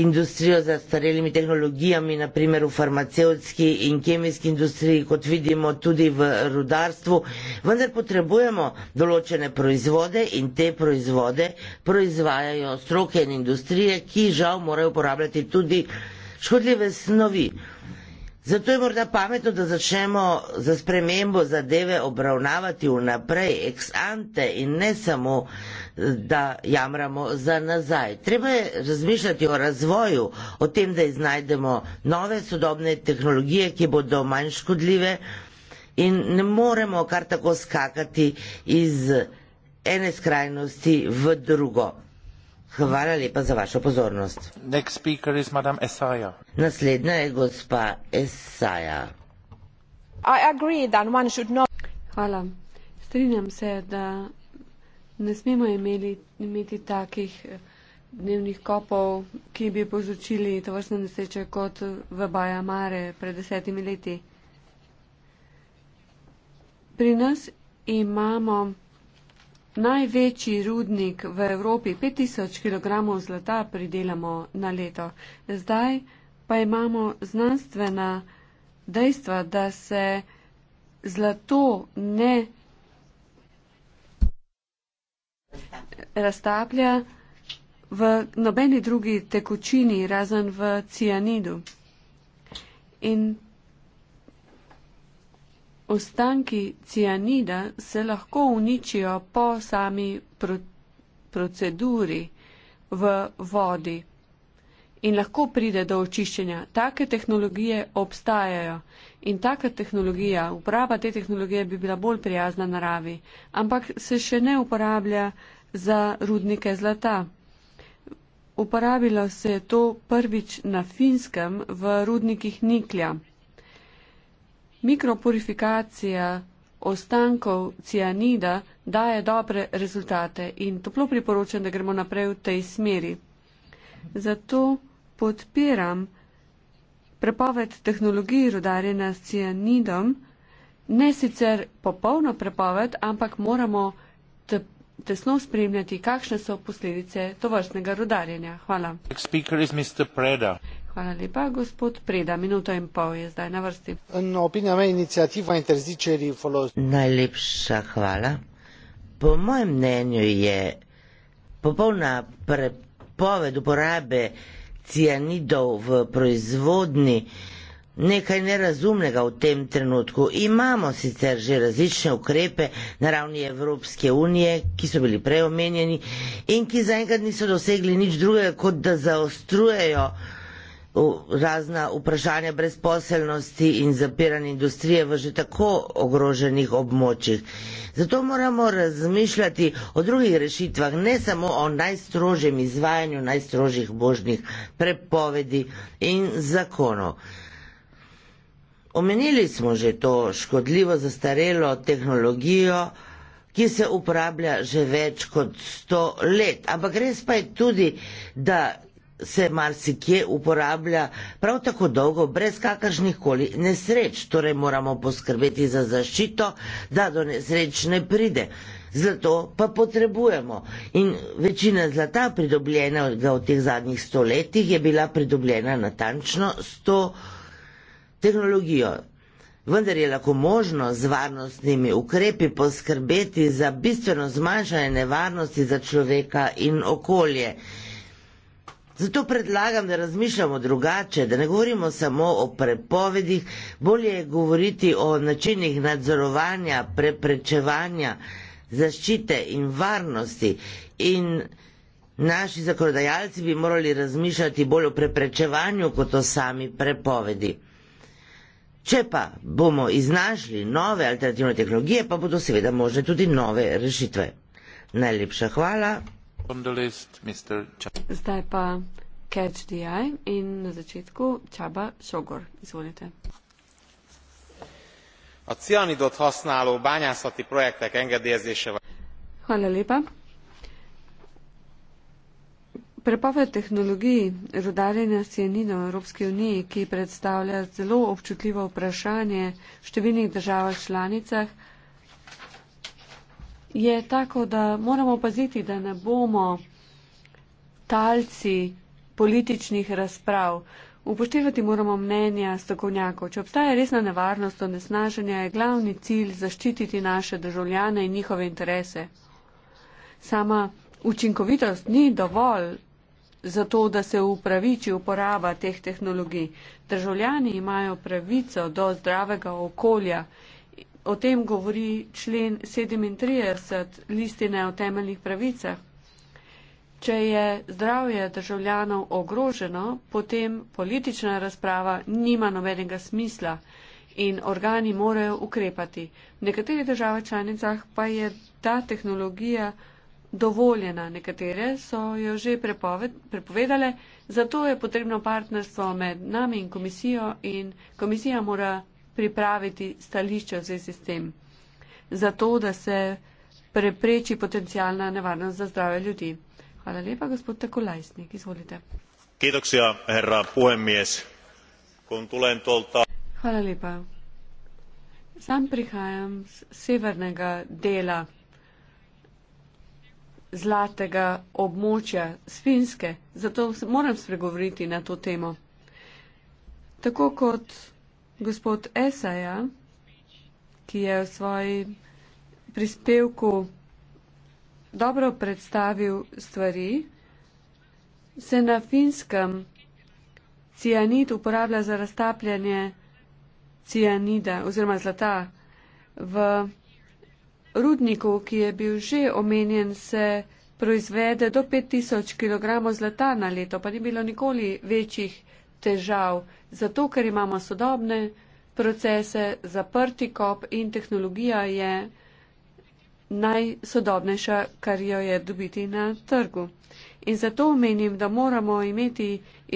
industrijo za starelimi tehnologijami, naprimer v farmacevtski in kemijski industriji, kot vidimo tudi v rudarstvu, vendar potrebujemo določene proizvode in te proizvode proizvajajo stroke in industrije, ki žal morajo uporabljati tudi škodljive snovi. Zato je morda pametno, da začnemo za spremembo zadeve obravnavati vnaprej ex ante in ne samo da jamramo za nazaj. Treba je razmišljati o razvoju, o tem, da iznajdemo nove sodobne tehnologije, ki bodo manj škodljive in ne moremo kar tako skakati iz ene skrajnosti v drugo. Hvala lepa za vašo pozornost. Naslednja je gospa Esaja. Hvala. Strinjam se, da Ne smemo imeli, imeti takih eh, dnevnih kopov, ki bi povzročili to vrstne neseče kot v Bajamare pred desetimi leti. Pri nas imamo največji rudnik v Evropi, 5000 kg zlata pridelamo na leto. Zdaj pa imamo znanstvena dejstva, da se zlato ne raztaplja v nobeni drugi tekočini, razen v cianidu. In ostanki cianida se lahko uničijo po sami pro proceduri v vodi in lahko pride do očiščenja. Take tehnologije obstajajo in taka tehnologija, uporaba te tehnologije bi bila bolj prijazna naravi, ampak se še ne uporablja za rudnike zlata. Uporabilo se je to prvič na finskem v rudnikih niklja. Mikropurifikacija ostankov cianida daje dobre rezultate in toplo priporočam, da gremo naprej v tej smeri. Zato podpiram prepoved tehnologij rodarjena s cianidom, ne sicer popolno prepoved, ampak moramo te, tesno spremljati, kakšne so posledice tovrstnega rodarjenja. Hvala. Hvala lepa, gospod Preda. Minuto in pol je zdaj na vrsti. Najlepša hvala. Po mojem mnenju je popolna prepoved uporabe eh, cianidov v proizvodni nekaj nerazumnega v tem trenutku. Imamo sicer že različne ukrepe na ravni Evropske unije, ki so bili preomenjeni in ki zaenkrat niso dosegli nič drugega, kot da zaostrujejo razna vprašanja brezposelnosti in zapiranje industrije v že tako ogroženih območjih. Zato moramo razmišljati o drugih rešitvah, ne samo o najstrožjem izvajanju najstrožjih božjih prepovedi in zakonov. Omenili smo že to škodljivo zastarelo tehnologijo, ki se uporablja že več kot sto let, ampak res pa je tudi, da se marsikje uporablja prav tako dolgo, brez kakršnih koli nesreč. Torej moramo poskrbeti za zaščito, da do nesreč ne pride. Zato pa potrebujemo. In večina zlata, pridobljena ga v teh zadnjih stoletjih, je bila pridobljena natančno s to tehnologijo. Vendar je lahko možno z varnostnimi ukrepi poskrbeti za bistveno zmanjšanje nevarnosti za človeka in okolje. Zato predlagam, da razmišljamo drugače, da ne govorimo samo o prepovedih, bolje je govoriti o načinih nadzorovanja, preprečevanja, zaščite in varnosti. In naši zakonodajalci bi morali razmišljati bolj o preprečevanju kot o sami prepovedi. Če pa bomo iznašli nove alternativne tehnologije, pa bodo seveda možne tudi nove rešitve. Najlepša hvala. Zdaj pa Catch the Eye in na začetku Čaba Sogor. Izvolite. A cianidot használó bányászati projektek engedélyezése van. Hvala lepa. Prepoved tehnologiji rodarjenja cianina v Evropski uniji, ki predstavlja zelo občutljivo vprašanje v številnih državah članicah, je tako, da moramo paziti, da ne bomo talci političnih razprav. Upoštevati moramo mnenja strokovnjakov. Če obstaja resna nevarnost onesnaženja, je glavni cilj zaščititi naše državljane in njihove interese. Sama učinkovitost ni dovolj za to, da se upraviči uporaba teh tehnologij. Državljani imajo pravico do zdravega okolja o tem govori člen 37 listine o temeljnih pravicah. Če je zdravje državljanov ogroženo, potem politična razprava nima nobenega smisla in organi morajo ukrepati. V nekaterih državah članicah pa je ta tehnologija dovoljena, nekatere so jo že prepoved, prepovedale, zato je potrebno partnerstvo med nami in komisijo in komisija mora pripraviti stališče v zvezi s tem, zato da se prepreči potencijalna nevarnost za zdrave ljudi. Hvala lepa, gospod Takolajsnik. Izvolite. Kedoksija, herra Puhemies. Tolta... Hvala lepa. Sam prihajam z severnega dela zlatega območja Sfinske, zato moram spregovoriti na to temo. Tako kot gospod Esaja, ki je v svoji prispevku dobro predstavil stvari, se na finskem cianid uporablja za raztapljanje cianida oziroma zlata. V rudniku, ki je bil že omenjen, se proizvede do 5000 kg zlata na leto, pa ni bilo nikoli večjih težav, zato ker imamo sodobne procese, zaprti kop in tehnologija je najsodobnejša, kar jo je dobiti na trgu. In zato menim, da moramo imeti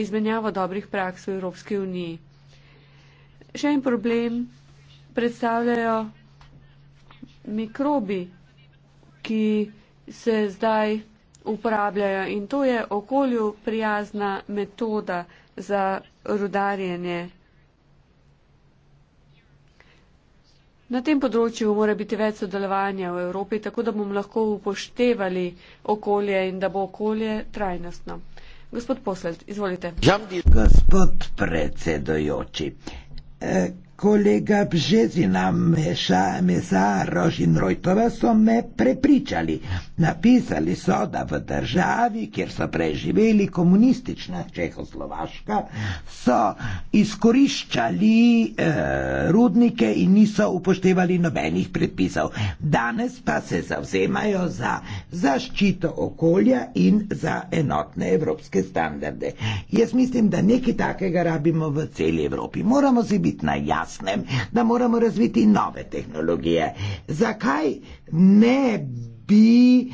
izmenjavo dobrih praks v Evropski uniji. Še en problem predstavljajo mikrobi, ki se zdaj uporabljajo in to je okolju prijazna metoda za rudarjenje. Na tem področju mora biti več sodelovanja v Evropi, tako da bomo lahko upoštevali okolje in da bo okolje trajnostno. Gospod Poselj, izvolite. Gospod predsedojoči, eh, kolega Bžezina, meša, mesa, rožin Rojtova so me prepričali. Napisali so, da v državi, kjer so preživeli komunistična Čehoslovaška, so izkoriščali eh, rudnike in niso upoštevali nobenih predpisov. Danes pa se zavzemajo za zaščito okolja in za enotne evropske standarde. Jaz mislim, da nekaj takega rabimo v celi Evropi. Moramo si biti na jasno odraslem, da moramo razviti nove tehnologije. Zakaj ne bi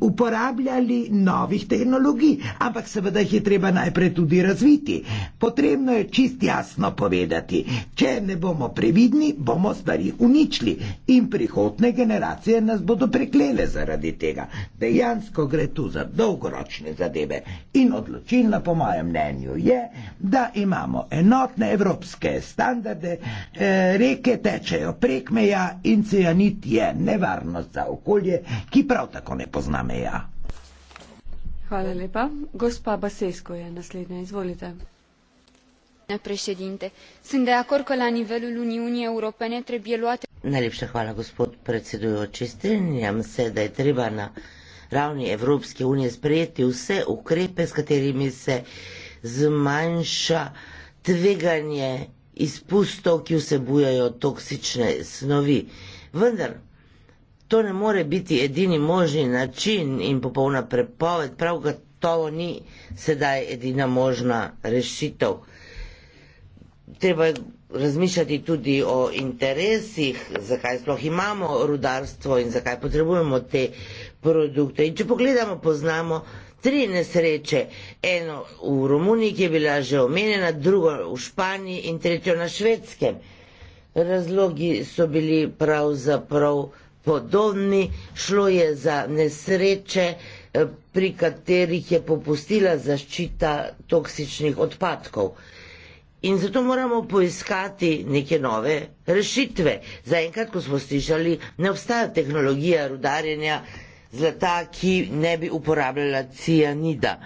uporabljali novih tehnologij, ampak seveda jih je treba najprej tudi razviti. Potrebno je čist jasno povedati, če ne bomo previdni, bomo stvari uničili in prihodne generacije nas bodo preklele zaradi tega. Dejansko gre tu za dolgoročne zadeve in odločilna po mojem mnenju je, da imamo enotne evropske standarde, e, reke tečejo prek meja in cianit je nevarnost za okolje, ki prav tako ne pozna meja. Hvala lepa. Gospa Basesko je naslednja. Izvolite. Președinte, sunt de acord că la nivelul Uniunii Europene trebuie luate... Najlepša hvala, gospod predsedujoči. Strinjam se, da je treba na ravni Evropske unije sprejeti vse ukrepe, s katerimi se zmanjša tveganje izpustov, ki vsebujajo toksične snovi. Vendar To ne more biti edini možni način in popolna prepoved, prav gotovo ni sedaj edina možna rešitev. Treba je razmišljati tudi o interesih, zakaj sploh imamo rudarstvo in zakaj potrebujemo te produkte. In če pogledamo, poznamo tri nesreče. Eno v Romuniji, ki je bila že omenjena, drugo v Španiji in tretjo na švedskem. Razlogi so bili pravzaprav prav podobni, šlo je za nesreče, eh, pri katerih je popustila zaščita toksičnih odpadkov. In zato moramo poiskati neke nove rešitve. Zaenkrat, ko smo slišali, ne obstaja tehnologija rudarjenja zlata, ki ne bi uporabljala cianida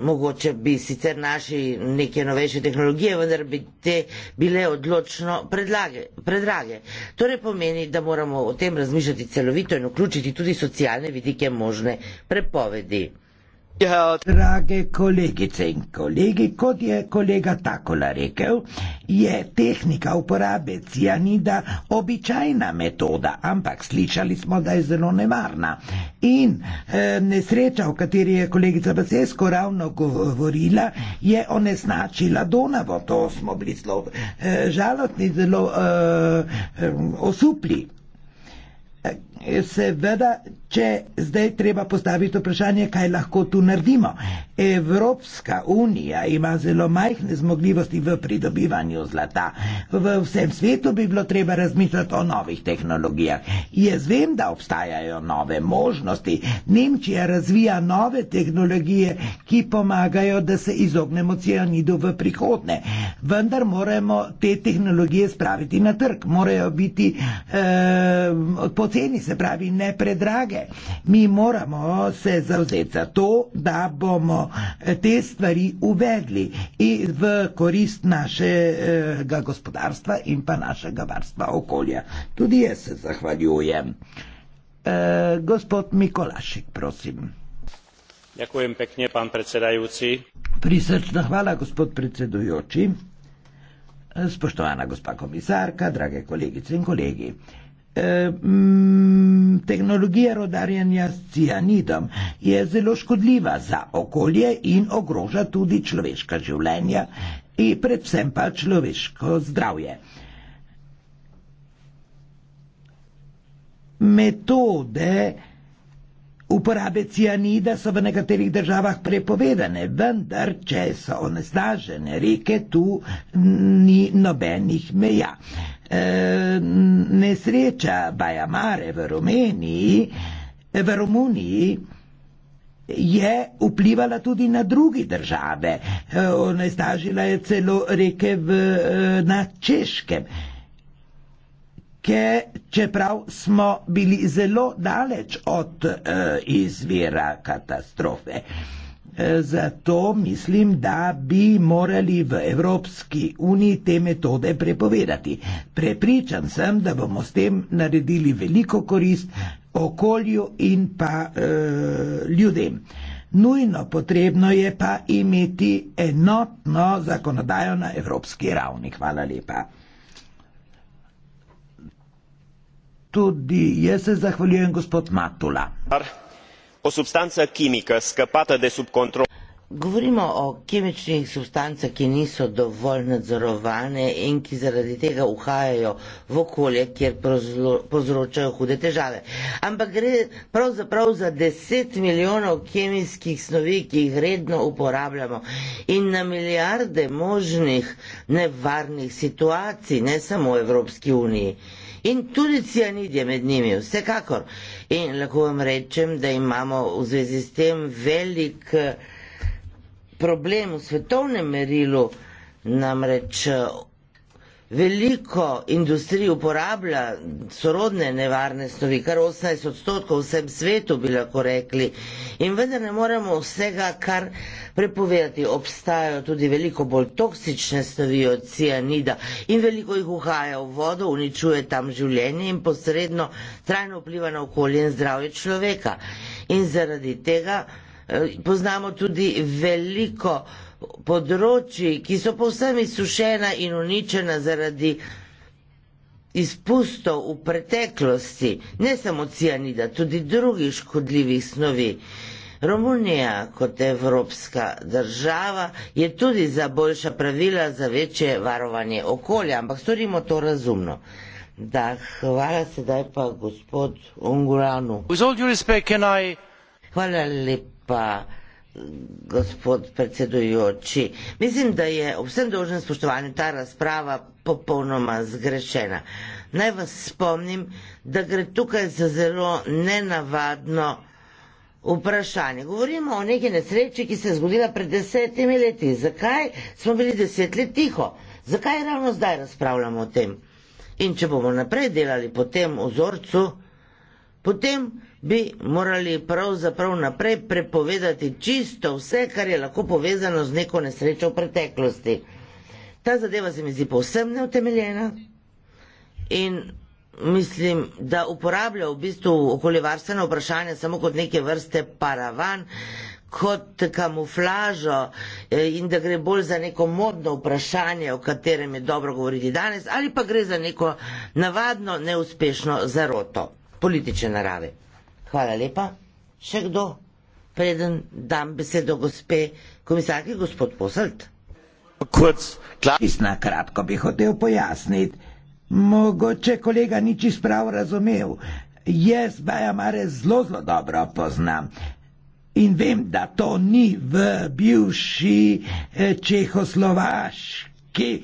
mogoče bi sicer našli neke novejše tehnologije, vendar bi te bile odločno predlage, predrage. Torej pomeni, da moramo o tem razmišljati celovito in vključiti tudi socialne vidike možne prepovedi. Drage kolegice in kolegi, kot je kolega Takola rekel, je tehnika uporabe cianida običajna metoda, ampak slišali smo, da je zelo nevarna. In e, nesreča, o kateri je kolegica Basesko ravno govorila, je onesnačila Donavo. To smo bili zelo e, žalostni, zelo e, osupli. Seveda, če zdaj treba postaviti vprašanje, kaj lahko tu naredimo. Evropska unija ima zelo majhne zmogljivosti v pridobivanju zlata. V vsem svetu bi bilo treba razmišljati o novih tehnologijah. Jaz vem, da obstajajo nove možnosti. Nemčija razvija nove tehnologije, ki pomagajo, da se izognemo cianidu v prihodne. Vendar moramo te tehnologije spraviti na trg. Morajo biti eh, poceni se pravi ne predrage. Mi moramo se zauzeti za to, da bomo eh, te stvari uvedli v korist našega gospodarstva in pa našega varstva okolja. Tudi jaz se zahvaljujem. E, gospod Mikolašik, prosim. Dakujem pekne, pan predsedajoči. Prisrčna hvala, gospod predsedujoči. Eh, spoštovana gospa komisarka, drage kolegice in kolegi tehnologija rodarjanja s cianidom je zelo škodljiva za okolje in ogroža tudi človeška življenja in predvsem pa človeško zdravje. Metode uporabe cianida so v nekaterih državah prepovedane, vendar če so onesnažene reke, tu ni nobenih meja nesreča Bajamare v Romuniji, v Romuniji je vplivala tudi na druge države. Onestažila je celo reke v, eh, na Češkem. Ke, čeprav smo bili zelo daleč od uh, izvira katastrofe. Uh, zato mislim, da bi morali v Evropski uniji te metode prepovedati. Prepričan sem, da bomo s tem naredili veliko korist okolju in pa e, ljudem. Nujno potrebno je pa imeti enotno zakonodajo na evropski ravni. Hvala lepa. Tudi jaz se zahvaljujem, gospod Matula. Ar o substanță chimică scăpată de sub control. Govorimo o kemičnih substancah, ki niso dovolj nadzorovane in ki zaradi tega uhajajo v okolje, kjer povzročajo hude težave. Ampak gre pravzaprav za deset milijonov kemijskih snovi, ki jih redno uporabljamo in na milijarde možnih nevarnih situacij, ne samo v Evropski uniji. Intuicija ni je med njimi, vsekakor. In lahko vam rečem, da imamo v zvezi s tem velik eh, problem v svetovnem merilu, namreč eh, veliko industrij uporablja sorodne nevarne snovi, kar 18 odstotkov v vsem svetu bi lahko rekli. In vendar ne moremo vsega, kar prepovedati, obstajajo tudi veliko bolj toksične snovi od cianida in veliko jih uhaja v vodo, uničuje tam življenje in posredno trajno vpliva na okolje in zdravje človeka. In zaradi tega eh, poznamo tudi veliko eh, področji, ki so povsem izsušena in uničena zaradi izpustov v preteklosti, ne samo cianida, tudi drugih škodljivih snovi. Romunija kot evropska država je tudi za boljša pravila, za večje varovanje okolja, ampak storimo to razumno. Da, hvala sedaj pa gospod Unguranu. Hvala lepa gospod predsedujoči. Mislim, da je vsem dožen spoštovanje ta razprava popolnoma zgrešena. Naj vas spomnim, da gre tukaj za zelo nenavadno vprašanje. Govorimo o neki nesreči, ki se je zgodila pred desetimi leti. Zakaj smo bili deset let tiho? Zakaj ravno zdaj razpravljamo o tem? In če bomo naprej delali po tem vzorcu, potem bi morali pravzaprav naprej prepovedati čisto vse, kar je lahko povezano z neko nesrečo v preteklosti. Ta zadeva se mi zdi povsem neutemeljena in mislim, da uporablja v bistvu okoljevarstveno vprašanje samo kot neke vrste paravan, kot kamuflažo eh, in da gre bolj za neko modno vprašanje, o katerem je dobro govoriti danes, ali pa gre za neko navadno neuspešno zaroto politične narave. Hvala lepa. Še kdo? Preden dam besedo gospe komisarki, gospod Poselt. Kot klapis na kratko bi hotel pojasniti. Mogoče kolega ni čist prav razumev. Jaz Bajamare zelo, zelo dobro poznam. In vem, da to ni v bivši eh, čehoslovaški ki,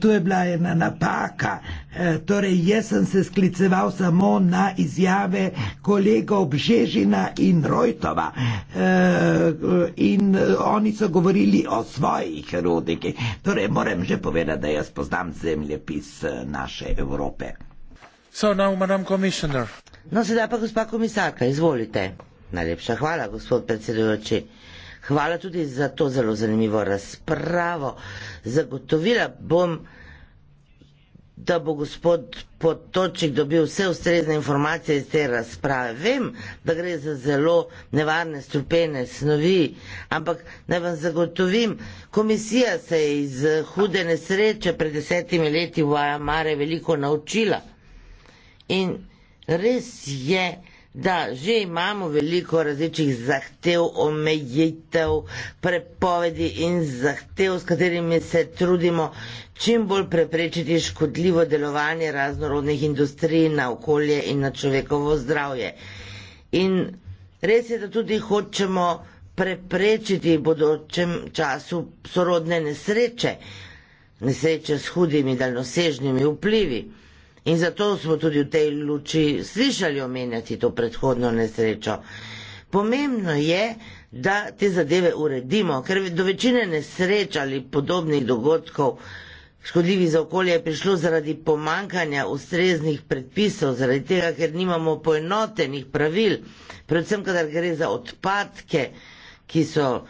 tu je bila ena napaka. E, torej, jaz sem se skliceval samo na izjave kolegov Bžežina in Rojtova. E, in oni so govorili o svojih rodikih. Torej, moram že povedati, da jaz poznam zemljepis e, naše Evrope. So, now, no, sedaj pa gospa komisarka, izvolite. Najlepša hvala, gospod predsedujoči. Hvala tudi za to zelo zanimivo razpravo. Zagotovila bom, da bo gospod Potočik dobil vse ustrezne informacije iz te razprave. Vem, da gre za zelo nevarne strupene snovi, ampak naj vam zagotovim, komisija se je iz hude nesreče pred desetimi leti v Ajamare veliko naučila. In res je, da že imamo veliko različnih zahtev, omejitev, prepovedi in zahtev, s katerimi se trudimo čim bolj preprečiti škodljivo delovanje raznorodnih industrij na okolje in na človekovo zdravje. In res je, da tudi hočemo preprečiti v bodočem času sorodne nesreče, nesreče s hudimi daljnosežnimi vplivi. In zato smo tudi v tej luči slišali omenjati to predhodno nesrečo. Pomembno je, da te zadeve uredimo, ker do večine nesreč ali podobnih dogodkov, škodljivih za okolje, je prišlo zaradi pomankanja ustreznih predpisov, zaradi tega, ker nimamo poenotenih pravil, predvsem, kadar gre za odpadke, ki so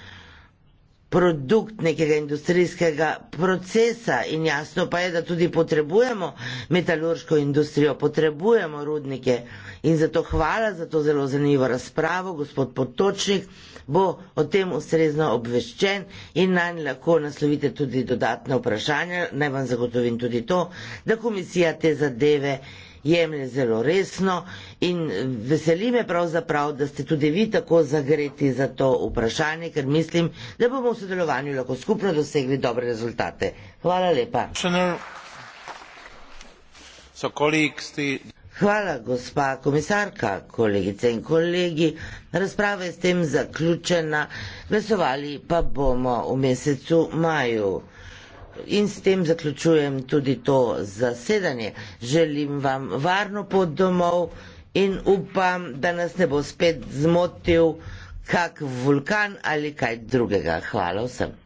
produkt nekega industrijskega procesa in jasno pa je, da tudi potrebujemo metalurško industrijo, potrebujemo rudnike in zato hvala za to zelo zanimivo razpravo. Gospod Potočnik bo o tem ustrezno obveščen in nanj lahko naslovite tudi dodatne vprašanja. Naj vam zagotovim tudi to, da komisija te zadeve jemlje zelo resno in veseli me pravzaprav, da ste tudi vi tako zagreti za to vprašanje, ker mislim, da bomo v sodelovanju lahko skupno dosegli dobre rezultate. Hvala lepa. Hvala, gospa komisarka, kolegice in kolegi. Razprava je s tem zaključena. Glasovali pa bomo v mesecu maju in s tem zaključujem tudi to zasedanje. Želim vam varno pot domov in upam, da nas ne bo spet zmotil kak vulkan ali kaj drugega. Hvala vsem.